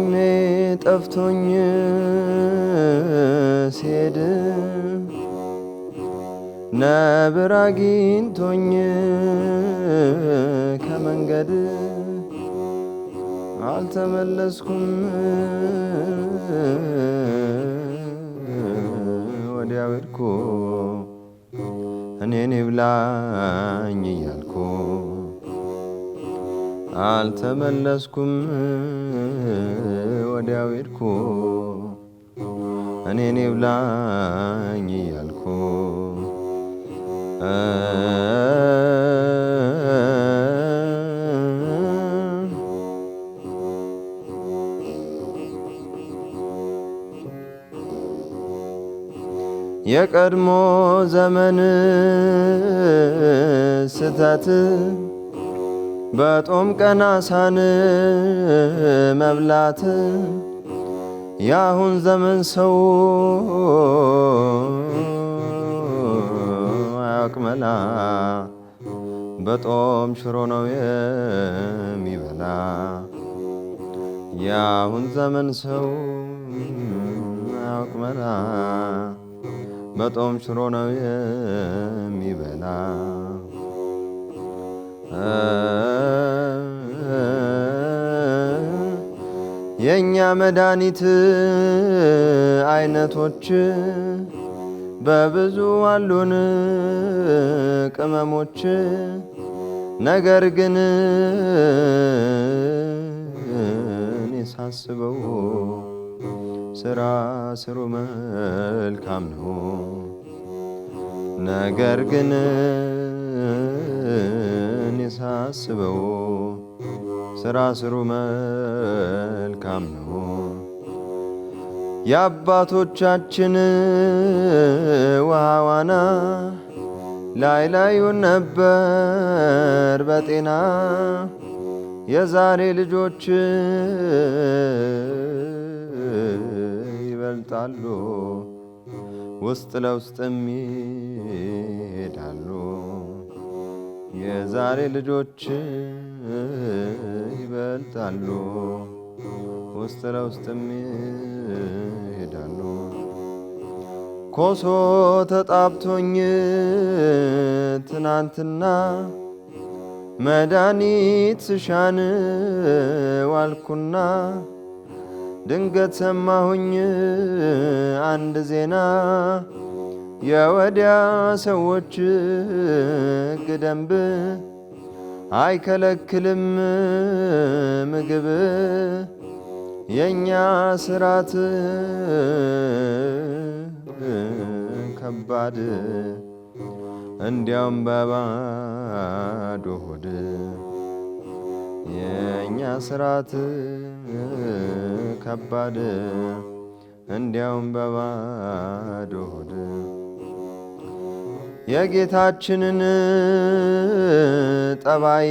ምናምኔ ጠፍቶኝ ሲሄድ ነብር አግኝቶኝ ከመንገድ አልተመለስኩም ወዲያው ሄድኩ እኔን ይብላኝ እያልኩ አልተመለስኩም ወዲያው ሄድኩ እኔን ይብላኝ እያልኩ የቀድሞ ዘመን ስታት በጦም ቀን አሳን መብላት የአሁን ዘመን ሰው አያቅመላ። በጦም ሽሮ ነው የሚበላ የአሁን ዘመን ሰው አያቅመላ። በጦም ሽሮ ነው የሚበላ የእኛ መድኃኒት አይነቶች በብዙ አሉን ቅመሞች ነገር ግን ሳስበው ስራ ስሩ መልካም ነው። ነገር ግን ሳስበው ስራ ስሩ መልካም ነው። የአባቶቻችን ውሃ ዋና ላይ ላዩን ነበር በጤና የዛሬ ልጆች ይበልጣሉ ውስጥ ለውስጥም ይሄዳሉ። የዛሬ ልጆች ይበልጣሉ፣ ውስጥ ለውስጥም ይሄዳሉ። ኮሶ ተጣብቶኝ ትናንትና መድኃኒት ስሻን ዋልኩና ድንገት ሰማሁኝ አንድ ዜና የወዲያ ሰዎች ደንብ አይከለክልም ምግብ የእኛ ስራት ከባድ እንዲያውም በባዶ ሆድ የእኛ ስራት ከባድ እንዲያውም በባዶ ሆድ የጌታችንን ጠባይ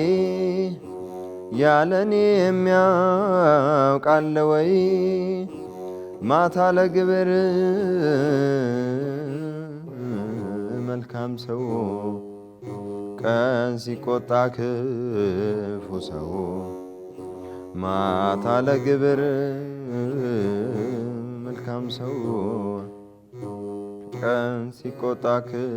ያለኔ የሚያውቃለ ወይ? ማታ ለግብር መልካም ሰው ቀን ሲቆጣ ክፉ ሰው ማታ ለግብር መልካም ሰው ቀን ሲቆጣ ክው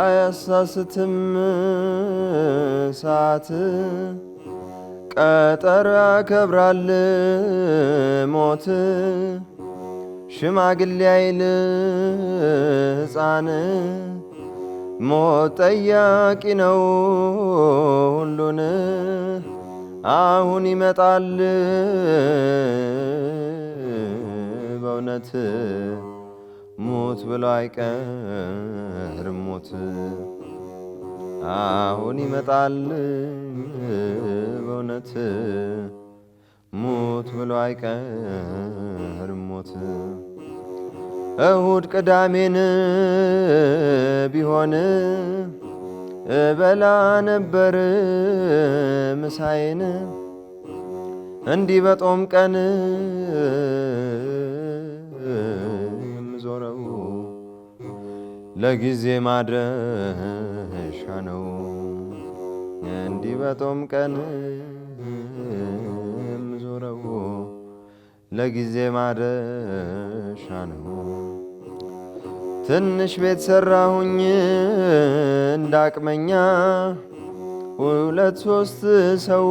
አያሳስትም ሰዓት ቀጠር ያከብራል ሞት ሽማግሌ አይል ሕፃን ሞት ጠያቂ ነው ሁሉን አሁን ይመጣል በእውነት ሞት ብሎ አይቀር ሞት አሁን ይመጣል በእውነት ሞት ብሎ አይቀር ሞት እሁድ ቅዳሜን ቢሆን እበላ ነበር ምሳዬን እንዲህ በጦም ቀን የምዞረው ለጊዜ ማድረሻ ነው እንዲህ በጦም ቀን ለጊዜ ማረሻ ነው። ትንሽ ቤት ሰራሁኝ እንዳቅመኛ ሁለት ሶስት ሰው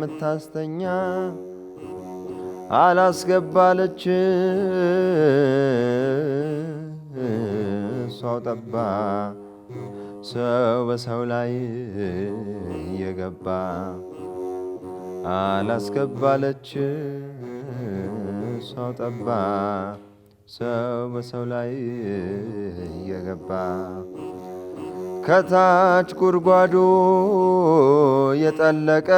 ምታስተኛ አላስገባለች እሷው ጠባ ሰው በሰው ላይ እየገባ አላስገባለች ሰው ጠባ ሰው በሰው ላይ እየገባ ከታች ጉድጓዱ የጠለቀ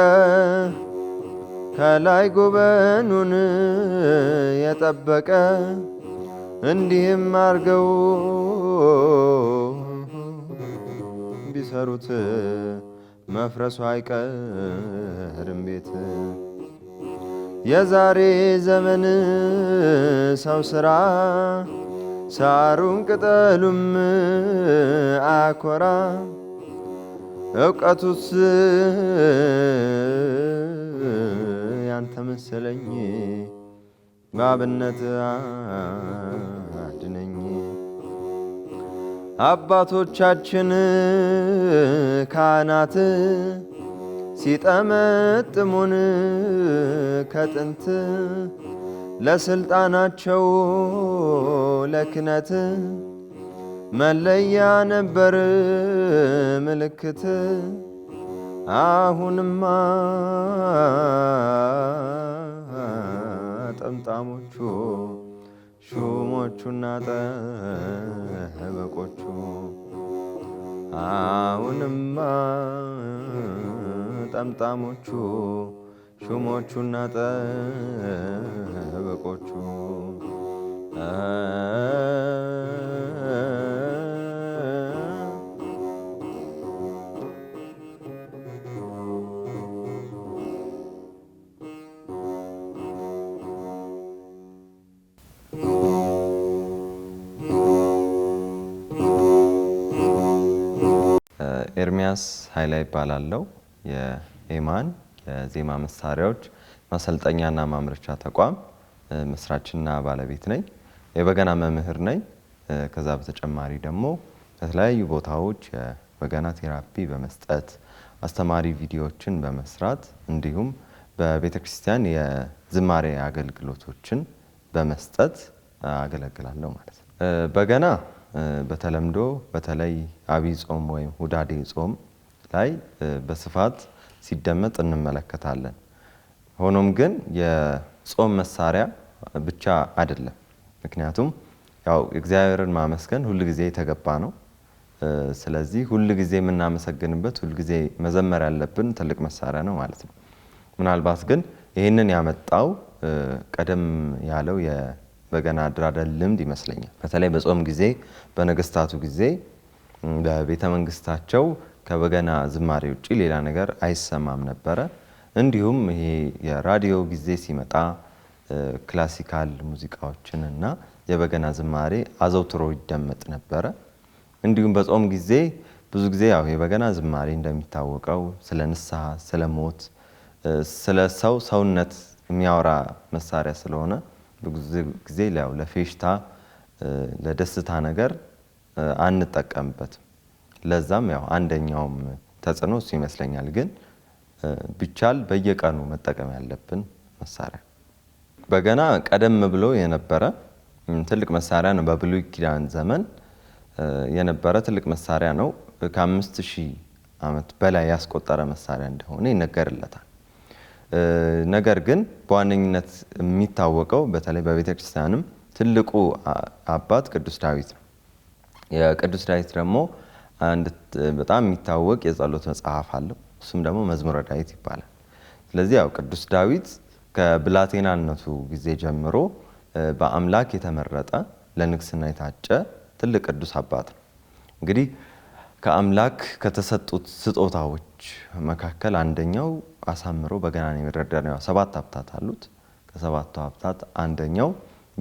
ከላይ ጎበኑን የጠበቀ እንዲህም አርገው ቢሰሩት መፍረሱ አይቀርም ቤት የዛሬ ዘመን ሰው ስራ ሳሩም ቅጠሉም አኮራ እውቀቱስ ያንተ መሰለኝ ባብነት አባቶቻችን ካህናት ሲጠመጥሙን ከጥንት ለስልጣናቸው ለክነት መለያ ነበር ምልክት። አሁንማ ጠምጣሞቹ ሹሞቹና ጠበቆቹ አሁንማ ጠምጣሞቹ ሹሞቹና ጠበቆቹ ኤርሚያስ ኃይላ ይባላለው የኤማን የዜማ መሳሪያዎች ማሰልጠኛና ማምረቻ ተቋም መስራችና ባለቤት ነኝ። የበገና መምህር ነኝ። ከዛ በተጨማሪ ደግሞ በተለያዩ ቦታዎች የበገና ቴራፒ በመስጠት አስተማሪ ቪዲዮዎችን በመስራት እንዲሁም በቤተ ክርስቲያን የዝማሬ አገልግሎቶችን በመስጠት አገለግላለሁ ማለት ነው። በገና በተለምዶ በተለይ አብይ ጾም ወይም ሁዳዴ ጾም ላይ በስፋት ሲደመጥ እንመለከታለን። ሆኖም ግን የጾም መሳሪያ ብቻ አይደለም። ምክንያቱም ያው እግዚአብሔርን ማመስገን ሁል ጊዜ የተገባ ነው። ስለዚህ ሁል ጊዜ የምናመሰግንበት ሁል ጊዜ መዘመር ያለብን ትልቅ መሳሪያ ነው ማለት ነው። ምናልባት ግን ይህንን ያመጣው ቀደም ያለው በገና አደራደር ልምድ ይመስለኛል። በተለይ በጾም ጊዜ በነገስታቱ ጊዜ በቤተ መንግስታቸው ከበገና ዝማሬ ውጭ ሌላ ነገር አይሰማም ነበረ። እንዲሁም ይሄ የራዲዮ ጊዜ ሲመጣ ክላሲካል ሙዚቃዎችን እና የበገና ዝማሬ አዘውትሮ ይደመጥ ነበረ። እንዲሁም በጾም ጊዜ ብዙ ጊዜ ያው የበገና ዝማሬ እንደሚታወቀው ስለ ንስሐ፣ ስለ ሞት፣ ስለ ሰው ሰውነት የሚያወራ መሳሪያ ስለሆነ ጊዜ ያው ለፌሽታ ለደስታ ነገር አንጠቀምበትም። ለዛም ያው አንደኛውም ተጽዕኖ እሱ ይመስለኛል። ግን ቢቻል በየቀኑ መጠቀም ያለብን መሳሪያ በገና ቀደም ብሎ የነበረ ትልቅ መሳሪያ ነው። በብሉይ ኪዳን ዘመን የነበረ ትልቅ መሳሪያ ነው። ከአምስት ሺህ ዓመት በላይ ያስቆጠረ መሳሪያ እንደሆነ ይነገርለታል። ነገር ግን በዋነኝነት የሚታወቀው በተለይ በቤተ ክርስቲያንም ትልቁ አባት ቅዱስ ዳዊት ነው። የቅዱስ ዳዊት ደግሞ አንድ በጣም የሚታወቅ የጸሎት መጽሐፍ አለው። እሱም ደግሞ መዝሙረ ዳዊት ይባላል። ስለዚህ ያው ቅዱስ ዳዊት ከብላቴናነቱ ጊዜ ጀምሮ በአምላክ የተመረጠ ለንግስና የታጨ ትልቅ ቅዱስ አባት ነው እንግዲህ ከአምላክ ከተሰጡት ስጦታዎች መካከል አንደኛው አሳምሮ በገናን የመደርደር ነው። ሰባት ሀብታት አሉት። ከሰባቱ ሀብታት አንደኛው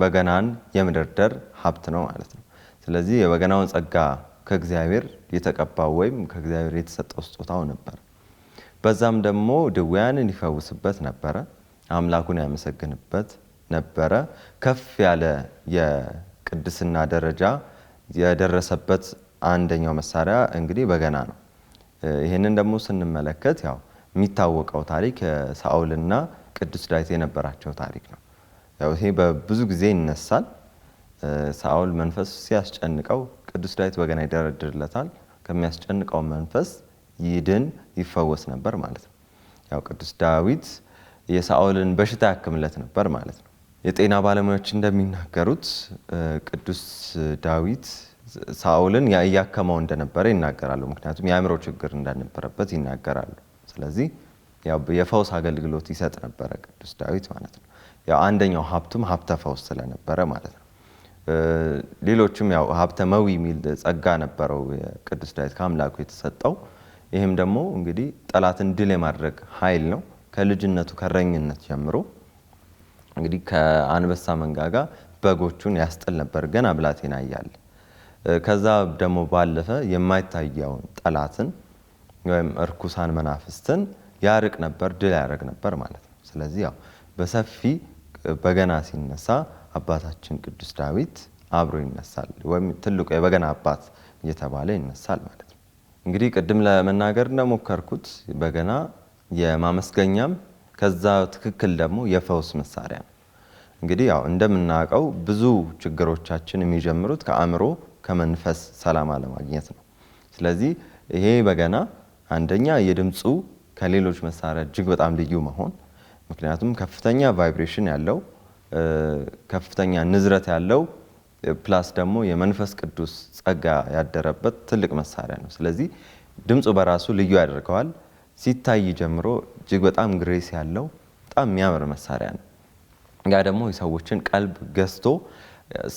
በገናን የመደርደር ሀብት ነው ማለት ነው። ስለዚህ የበገናውን ጸጋ ከእግዚአብሔር የተቀባው ወይም ከእግዚአብሔር የተሰጠው ስጦታው ነበር። በዛም ደግሞ ድውያንን ይፈውስበት ነበረ፣ አምላኩን ያመሰግንበት ነበረ። ከፍ ያለ የቅድስና ደረጃ የደረሰበት አንደኛው መሳሪያ እንግዲህ በገና ነው። ይህንን ደግሞ ስንመለከት ያው የሚታወቀው ታሪክ ሳኦልና ቅዱስ ዳዊት የነበራቸው ታሪክ ነው። ያው ይሄ በብዙ ጊዜ ይነሳል። ሳኦል መንፈስ ሲያስጨንቀው ቅዱስ ዳዊት በገና ይደረድርለታል። ከሚያስጨንቀው መንፈስ ይድን ይፈወስ ነበር ማለት ነው። ያው ቅዱስ ዳዊት የሳኦልን በሽታ ያክምለት ነበር ማለት ነው። የጤና ባለሙያዎች እንደሚናገሩት ቅዱስ ዳዊት ሳኦልን እያከመው እንደነበረ ይናገራሉ። ምክንያቱም የአእምሮ ችግር እንደነበረበት ይናገራሉ። ስለዚህ የፈውስ አገልግሎት ይሰጥ ነበረ ቅዱስ ዳዊት ማለት ነው። ያው አንደኛው ሀብቱም ሀብተ ፈውስ ስለነበረ ማለት ነው። ሌሎችም ያው ሀብተ መዊ የሚል ጸጋ ነበረው ቅዱስ ዳዊት ከአምላኩ የተሰጠው። ይህም ደግሞ እንግዲህ ጠላትን ድል የማድረግ ኃይል ነው። ከልጅነቱ ከረኝነት ጀምሮ እንግዲህ ከአንበሳ መንጋጋ በጎቹን ያስጥል ነበር። ገና ብላቴና እያለ ከዛ ደግሞ ባለፈ የማይታየውን ጠላትን ወይም እርኩሳን መናፍስትን ያርቅ ነበር፣ ድል ያደርግ ነበር ማለት ነው። ስለዚህ ያው በሰፊ በገና ሲነሳ አባታችን ቅዱስ ዳዊት አብሮ ይነሳል፣ ወይም ትልቁ የበገና አባት እየተባለ ይነሳል ማለት ነው። እንግዲህ ቅድም ለመናገር እንደሞከርኩት በገና የማመስገኛም ከዛ ትክክል ደግሞ የፈውስ መሳሪያ ነው። እንግዲህ ያው እንደምናውቀው ብዙ ችግሮቻችን የሚጀምሩት ከአእምሮ ከመንፈስ ሰላም አለማግኘት ነው። ስለዚህ ይሄ በገና አንደኛ የድምፁ ከሌሎች መሳሪያ እጅግ በጣም ልዩ መሆን፣ ምክንያቱም ከፍተኛ ቫይብሬሽን ያለው ከፍተኛ ንዝረት ያለው ፕላስ ደግሞ የመንፈስ ቅዱስ ጸጋ ያደረበት ትልቅ መሳሪያ ነው። ስለዚህ ድምፁ በራሱ ልዩ ያደርገዋል። ሲታይ ጀምሮ እጅግ በጣም ግሬስ ያለው በጣም የሚያምር መሳሪያ ነው። ያ ደግሞ የሰዎችን ቀልብ ገዝቶ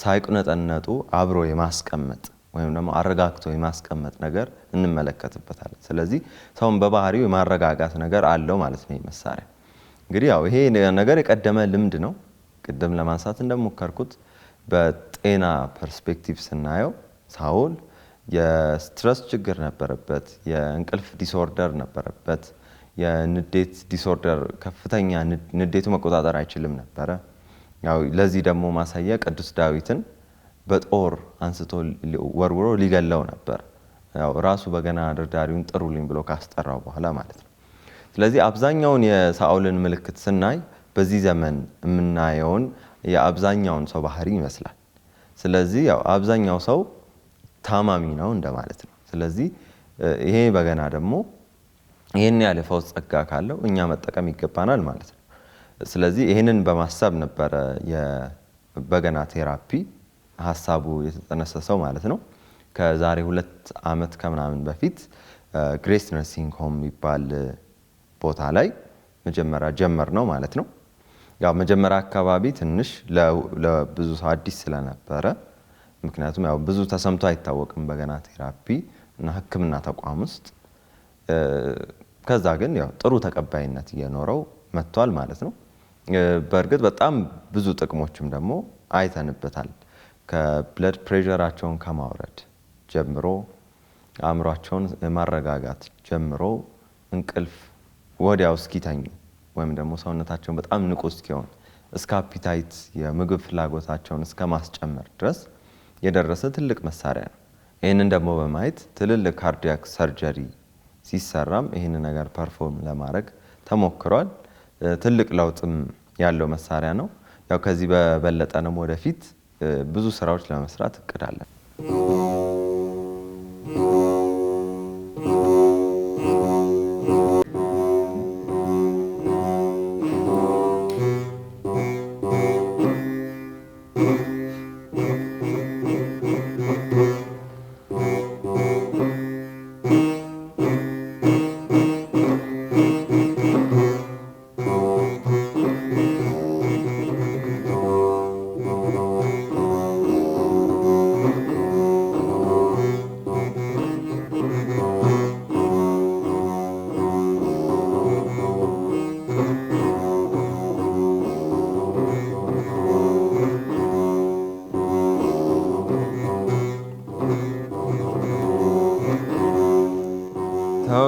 ሳይቁነጠነጡ አብሮ የማስቀመጥ ወይም ደግሞ አረጋግቶ የማስቀመጥ ነገር እንመለከትበታለን። ስለዚህ ሰውን በባህሪው የማረጋጋት ነገር አለው ማለት ነው። መሳሪያ እንግዲህ ያው ይሄ ነገር የቀደመ ልምድ ነው። ቅድም ለማንሳት እንደሞከርኩት በጤና ፐርስፔክቲቭ ስናየው ሳውል የስትረስ ችግር ነበረበት፣ የእንቅልፍ ዲስኦርደር ነበረበት፣ የንዴት ዲስኦርደር ከፍተኛ ንዴቱ መቆጣጠር አይችልም ነበረ። ያው ለዚህ ደግሞ ማሳያ ቅዱስ ዳዊትን በጦር አንስቶ ወርውሮ ሊገለው ነበር። ያው ራሱ በገና ደርዳሪውን ጥሩልኝ ብሎ ካስጠራው በኋላ ማለት ነው። ስለዚህ አብዛኛውን የሳኦልን ምልክት ስናይ በዚህ ዘመን የምናየውን የአብዛኛውን ሰው ባህሪ ይመስላል። ስለዚህ ያው አብዛኛው ሰው ታማሚ ነው እንደማለት ነው። ስለዚህ ይሄ በገና ደግሞ ይህን ያለ ፈውስ ጸጋ ካለው እኛ መጠቀም ይገባናል ማለት ነው። ስለዚህ ይህንን በማሰብ ነበረ የበገና ቴራፒ ሀሳቡ የተጠነሰሰው ማለት ነው። ከዛሬ ሁለት ዓመት ከምናምን በፊት ግሬስ ነርሲንግ ሆም የሚባል ቦታ ላይ መጀመሪያ ጀመር ነው ማለት ነው። ያው መጀመሪያ አካባቢ ትንሽ ለብዙ ሰው አዲስ ስለነበረ ምክንያቱም ያው ብዙ ተሰምቶ አይታወቅም በገና ቴራፒ እና ሕክምና ተቋም ውስጥ ከዛ ግን ያው ጥሩ ተቀባይነት እየኖረው መጥቷል ማለት ነው። በእርግጥ በጣም ብዙ ጥቅሞችም ደግሞ አይተንበታል። ከብለድ ፕሬራቸውን ከማውረድ ጀምሮ አእምሯቸውን ማረጋጋት ጀምሮ እንቅልፍ ወዲያው እስኪተኙ ወይም ደግሞ ሰውነታቸውን በጣም ንቁ እስኪሆን እስከ አፒታይት የምግብ ፍላጎታቸውን እስከ ማስጨመር ድረስ የደረሰ ትልቅ መሳሪያ ነው። ይህንን ደግሞ በማየት ትልልቅ ካርዲያክ ሰርጀሪ ሲሰራም ይህንን ነገር ፐርፎርም ለማድረግ ተሞክሯል። ትልቅ ለውጥም ያለው መሳሪያ ነው። ያው ከዚህ በበለጠንም ወደፊት ብዙ ስራዎች ለመስራት እቅድ አለን።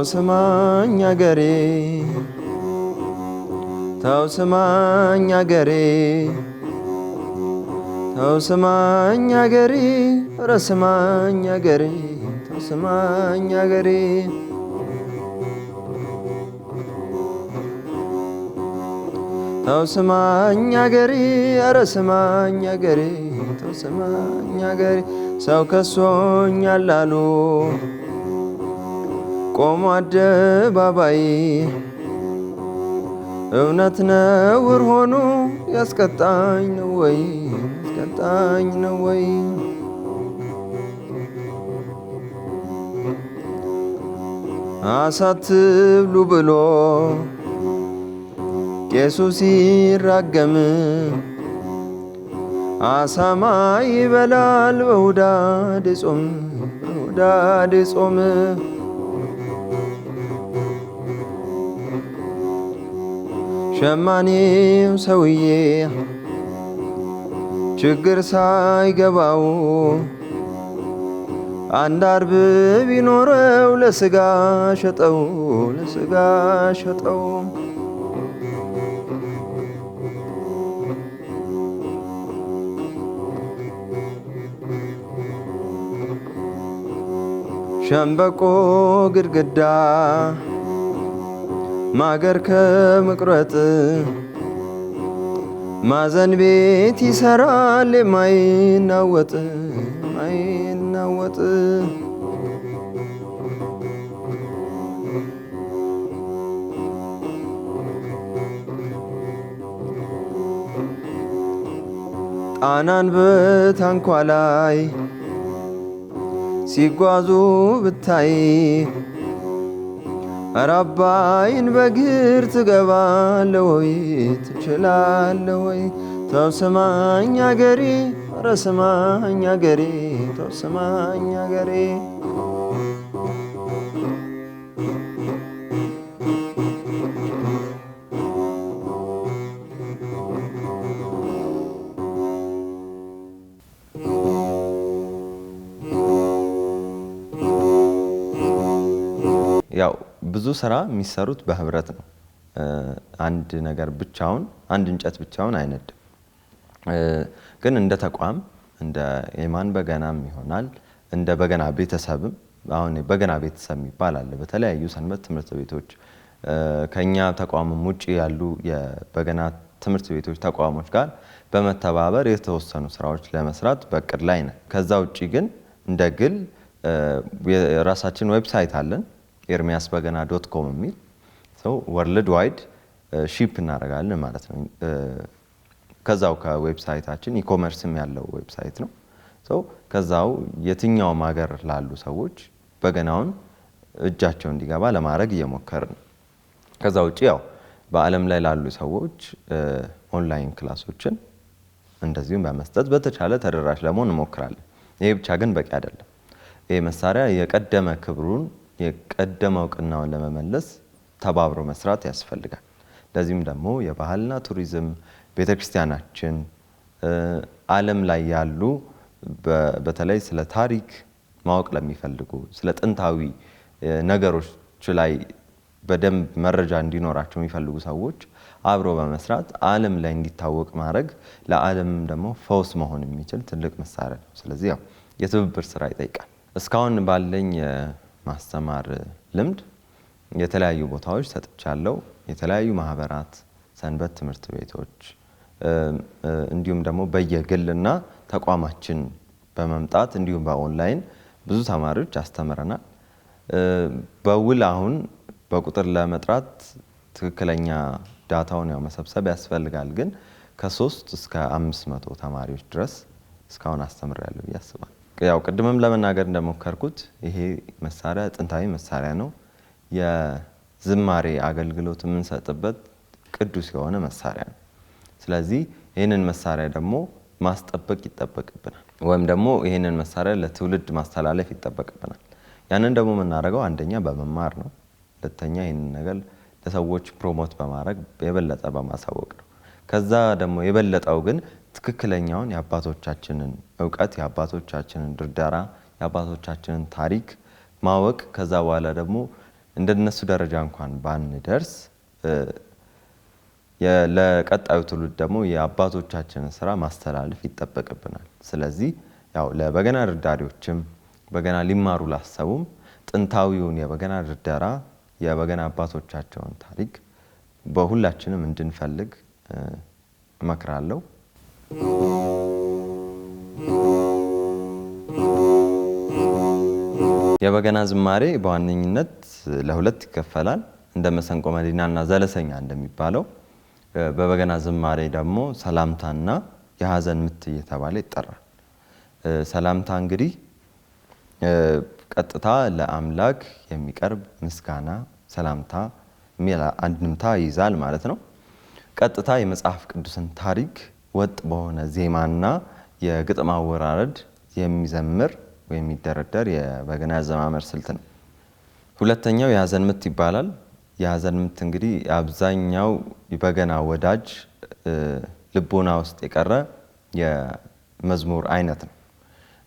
ታውስማኝ አገሬ ታውስማኝ አገሬ ታውስማኝ አገሬ ረስማኝ አገሬ ታውስማኝ አገሬ ታውስማኝ አገሬ አረስማኝ አገሬ ታውስማኝ አገሬ ሰው ከሶኛል አሉ ቆሞ አደባባይ እውነት ነውር ሆኖ ያስቀጣኝ ነው ወይ ያስቀጣኝ ነው ወይ? አሳትብሉ ብሎ ቄሱ ሲራገም አሳማ ይበላል በሁዳዴ ጾም በሁዳዴ ጾም ሸማኔው ሰውዬ ችግር ሳይገባው አንድ አርብ ቢኖረው ለስጋ ሸጠው ለስጋ ሸጠው። ሸምበቆ ግድግዳ ማገር ከመቁረጥ ማዘን ቤት ይሰራል የማይናወጥ ማይናወጥ ጣናን በታንኳ ላይ ሲጓዙ ብታይ ኧረ አባይን በእግር ትገባለህ ወይ ትችላለህ ወይ? ተው ስማኝ አገሬ ኧረ ስማኝ አገሬ ተው ስማኝ አገሬ ያው ብዙ ስራ የሚሰሩት በህብረት ነው። አንድ ነገር ብቻውን አንድ እንጨት ብቻውን አይነድም። ግን እንደ ተቋም እንደ የማን በገናም ይሆናል እንደ በገና ቤተሰብም አሁን በገና ቤተሰብ የሚባል አለ። በተለያዩ ሰንበት ትምህርት ቤቶች ከኛ ተቋምም ውጭ ያሉ የበገና ትምህርት ቤቶች ተቋሞች ጋር በመተባበር የተወሰኑ ስራዎች ለመስራት በቅድ ላይ ነን። ከዛ ውጭ ግን እንደ ግል የራሳችን ዌብሳይት አለን። ኤርሚያስ በገና ዶት ኮም የሚል ሰው ወርልድ ዋይድ ሺፕ እናደርጋለን ማለት ነው። ከዛው ከዌብሳይታችን ኢኮመርስም ያለው ዌብሳይት ነው። ሰው ከዛው የትኛውም ሀገር ላሉ ሰዎች በገናውን እጃቸው እንዲገባ ለማድረግ እየሞከር ነው። ከዛ ውጭ ያው በዓለም ላይ ላሉ ሰዎች ኦንላይን ክላሶችን እንደዚሁም በመስጠት በተቻለ ተደራሽ ለመሆን እንሞክራለን። ይሄ ብቻ ግን በቂ አይደለም። ይሄ መሳሪያ የቀደመ ክብሩን የቀደመ እውቅናውን ለመመለስ ተባብሮ መስራት ያስፈልጋል። ለዚህም ደግሞ የባህልና ቱሪዝም ቤተክርስቲያናችን፣ ዓለም ላይ ያሉ በተለይ ስለ ታሪክ ማወቅ ለሚፈልጉ ስለ ጥንታዊ ነገሮች ላይ በደንብ መረጃ እንዲኖራቸው የሚፈልጉ ሰዎች አብሮ በመስራት ዓለም ላይ እንዲታወቅ ማድረግ ለአለም ደግሞ ፈውስ መሆን የሚችል ትልቅ መሳሪያ ነው። ስለዚህ ያው የትብብር ስራ ይጠይቃል። እስካሁን ባለኝ ማስተማር ልምድ የተለያዩ ቦታዎች ሰጥቻለሁ የተለያዩ ማህበራት ሰንበት ትምህርት ቤቶች እንዲሁም ደግሞ በየግልና ተቋማችን በመምጣት እንዲሁም በኦንላይን ብዙ ተማሪዎች አስተምረናል። በውል አሁን በቁጥር ለመጥራት ትክክለኛ ዳታውን ያው መሰብሰብ ያስፈልጋል። ግን ከሶስት እስከ አምስት መቶ ተማሪዎች ድረስ እስካሁን አስተምሬያለሁ ብዬ አስባለሁ ያው ቅድምም ለመናገር እንደሞከርኩት ይሄ መሳሪያ ጥንታዊ መሳሪያ ነው። የዝማሬ አገልግሎት የምንሰጥበት ቅዱስ የሆነ መሳሪያ ነው። ስለዚህ ይህንን መሳሪያ ደግሞ ማስጠበቅ ይጠበቅብናል፣ ወይም ደግሞ ይህንን መሳሪያ ለትውልድ ማስተላለፍ ይጠበቅብናል። ያንን ደግሞ የምናደርገው አንደኛ በመማር ነው። ሁለተኛ ይህንን ነገር ለሰዎች ፕሮሞት በማድረግ የበለጠ በማሳወቅ ነው። ከዛ ደግሞ የበለጠው ግን ትክክለኛውን የአባቶቻችንን እውቀት የአባቶቻችንን ድርዳራ የአባቶቻችንን ታሪክ ማወቅ ከዛ በኋላ ደግሞ እንደነሱ ደረጃ እንኳን ባንደርስ ለቀጣዩ ትውልድ ደግሞ የአባቶቻችንን ስራ ማስተላለፍ ይጠበቅብናል። ስለዚህ ያው ለበገና ድርዳሪዎችም በገና ሊማሩ ላሰቡም ጥንታዊውን የበገና ድርደራ የበገና አባቶቻቸውን ታሪክ በሁላችንም እንድንፈልግ እመክራለሁ። የበገና ዝማሬ በዋነኝነት ለሁለት ይከፈላል። እንደ መሰንቆ መዲናና ዘለሰኛ እንደሚባለው በበገና ዝማሬ ደግሞ ሰላምታና የሀዘን ምት እየተባለ ይጠራል። ሰላምታ እንግዲህ ቀጥታ ለአምላክ የሚቀርብ ምስጋና ሰላምታ የሚል አንድምታ ይይዛል ማለት ነው። ቀጥታ የመጽሐፍ ቅዱስን ታሪክ ወጥ በሆነ ዜማና የግጥም አወራረድ የሚዘምር ወይም የሚደረደር የበገና አዘማመር ስልት ነው። ሁለተኛው የሀዘን ምት ይባላል። የሀዘን ምት እንግዲህ አብዛኛው በገና ወዳጅ ልቦና ውስጥ የቀረ የመዝሙር አይነት ነው።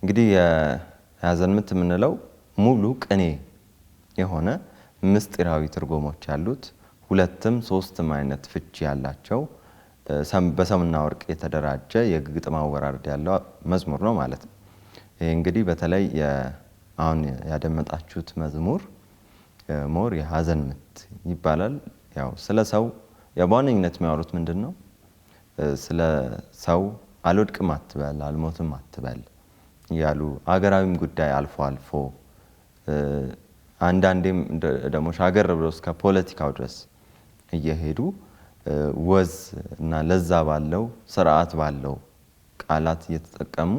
እንግዲህ የሀዘን ምት የምንለው ሙሉ ቅኔ የሆነ ምስጢራዊ ትርጉሞች ያሉት ሁለትም ሶስትም አይነት ፍቺ ያላቸው በሰምና ወርቅ የተደራጀ የግጥም አወራረድ ያለው መዝሙር ነው ማለት ነው። ይሄ እንግዲህ በተለይ አሁን ያደመጣችሁት መዝሙር ሞር የሀዘን ምት ይባላል። ያው ስለ ሰው በዋነኝነት የሚያወሩት ምንድን ነው? ስለ ሰው አልወድቅም አትበል አልሞትም አትበል እያሉ አገራዊም ጉዳይ አልፎ አልፎ አንዳንዴም ደግሞ ሻገር ብሎ እስከ ፖለቲካው ድረስ እየሄዱ ወዝ እና ለዛ ባለው ስርዓት ባለው ቃላት እየተጠቀሙ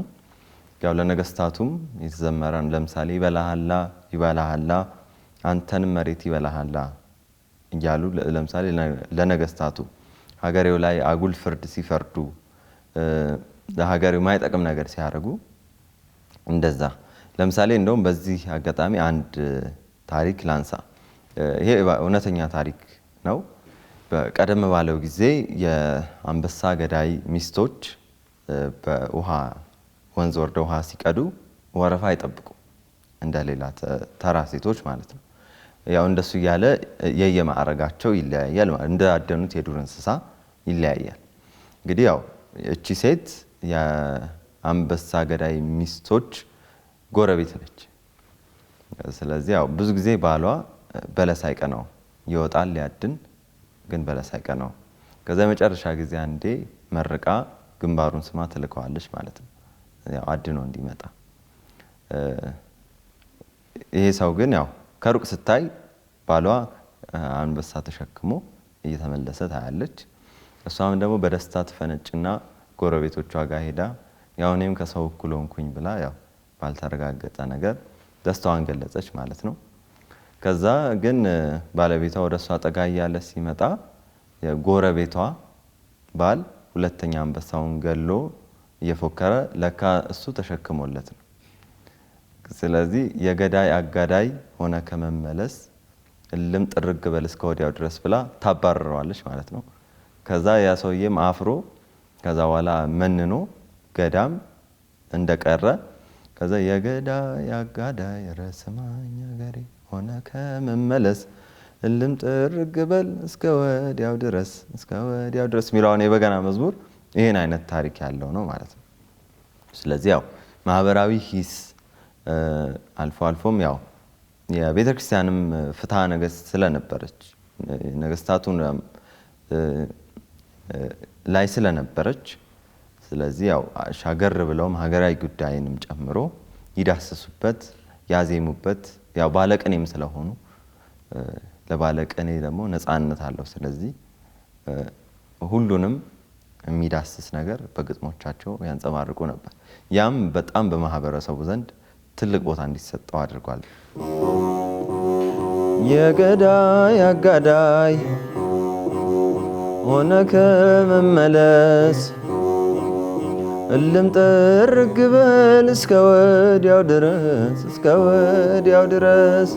ያው ለነገስታቱም የተዘመረ ለምሳሌ ይበላሃላ ይበላሃላ አንተንም መሬት ይበላሃላ እያሉ ለምሳሌ ለነገስታቱ ሀገሬው ላይ አጉል ፍርድ ሲፈርዱ ለሀገሬው ማይጠቅም ነገር ሲያደርጉ እንደዛ። ለምሳሌ እንደውም በዚህ አጋጣሚ አንድ ታሪክ ላንሳ። ይሄ እውነተኛ ታሪክ ነው። በቀደም ባለው ጊዜ የአንበሳ ገዳይ ሚስቶች በውሃ ወንዝ ወርደው ውሃ ሲቀዱ ወረፋ አይጠብቁ እንደሌላ ተራ ሴቶች ማለት ነው። ያው እንደሱ እያለ የየማዕረጋቸው ይለያያል እንዳደኑት የዱር እንስሳ ይለያያል። እንግዲህ ያው እቺ ሴት የአንበሳ ገዳይ ሚስቶች ጎረቤት ነች። ስለዚህ ያው ብዙ ጊዜ ባሏ በለስ አይቀናው ይወጣል ሊያድን ግን በለሳይቀ ነው። ከዛ የመጨረሻ ጊዜ አንዴ መርቃ ግንባሩን ስማ ትልከዋለች ማለት ነው። ያው አድኖ እንዲመጣ ይሄ ሰው ግን ያው ከሩቅ ስታይ ባሏ አንበሳ ተሸክሞ እየተመለሰ ታያለች። እሷም ደግሞ በደስታ ትፈነጭና ጎረቤቶቿ ጋር ሄዳ ያው እኔም ከሰው እኩል ሆንኩኝ ብላ ያው ባልተረጋገጠ ነገር ደስታዋን ገለጸች ማለት ነው። ከዛ ግን ባለቤቷ ወደ እሷ ጠጋ እያለ ሲመጣ የጎረቤቷ ባል ሁለተኛ አንበሳውን ገሎ እየፎከረ ለካ እሱ ተሸክሞለት ነው። ስለዚህ የገዳይ አጋዳይ ሆነ ከመመለስ እልም ጥርግ በል እስከ ወዲያው ድረስ ብላ ታባርረዋለች ማለት ነው። ከዛ ያ ሰውዬም አፍሮ ከዛ በኋላ መንኖ ገዳም እንደቀረ ከዛ የገዳይ አጋዳይ ረስማኝ ገሬ ሆነ ከመመለስ እልም ጥርግ በል እስከ ወዲያው ድረስ እስከ ወዲያው ድረስ የሚለውን የበገና መዝሙር ይህን አይነት ታሪክ ያለው ነው ማለት ነው። ስለዚህ ያው ማህበራዊ ሂስ አልፎ አልፎም ያው የቤተ ክርስቲያንም ፍትሐ ነገሥት ስለነበረች ነገስታቱን ላይ ስለነበረች ስለዚህ ያው ሻገር ብለውም ሀገራዊ ጉዳይንም ጨምሮ ይዳሰሱበት፣ ያዜሙበት ያው ባለቅኔም ስለሆኑ ለባለቅኔ ደግሞ ነፃነት አለው። ስለዚህ ሁሉንም የሚዳስስ ነገር በግጥሞቻቸው ያንጸባርቁ ነበር። ያም በጣም በማህበረሰቡ ዘንድ ትልቅ ቦታ እንዲሰጠው አድርጓል። የገዳይ አጋዳይ ሆነ ከመመለስ እልም ጥርግ በል እስከ ወዲያው ድረስ እስከ ወዲያው ድረስ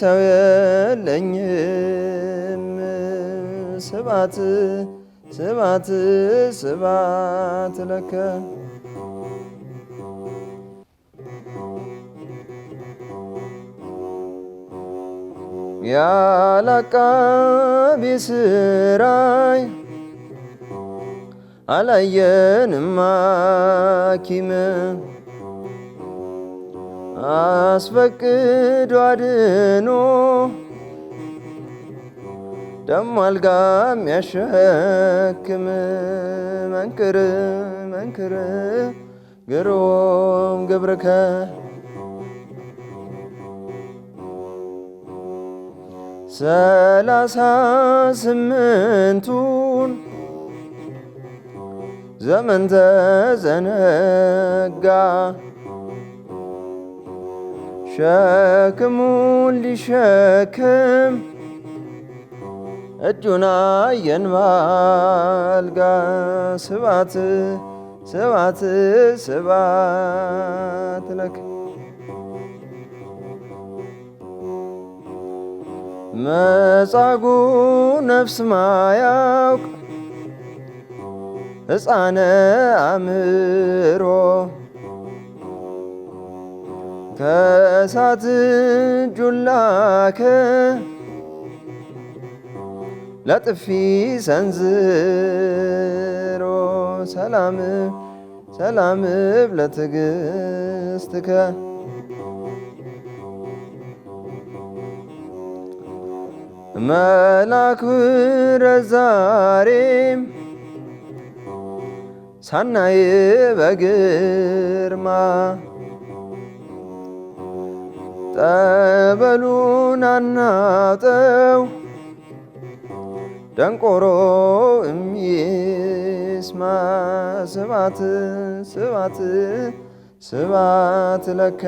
ሰው የለኝም። ስባት ስብሐት ስብሐት ለከ ያለ አቃቤ አላየንም አኪም አስፈቅዶ አድኖ ደሞ አልጋ የሚያሸክም መንክር መንክር ግሩም ግብርከ ሰላሳ ስምንቱን ዘመን ተዘነጋ ሸክሙን ሊሸክም እጁን አየን ባልጋ ስባት ስባት ስባት ለክ መጻጉ ነፍስ ማያውቅ ሕፃነ አምሮ! ከእሳት እጁን ላከ ለጥፊ ሰንዝሮ ሰላም ሰላም ብለትግስትከ መላኩ ረዛሬም ሳናይ በግርማ ጠበሉን አናጠው ደንቆሮ እሚስማ ስባት ስባት ስባት ለከ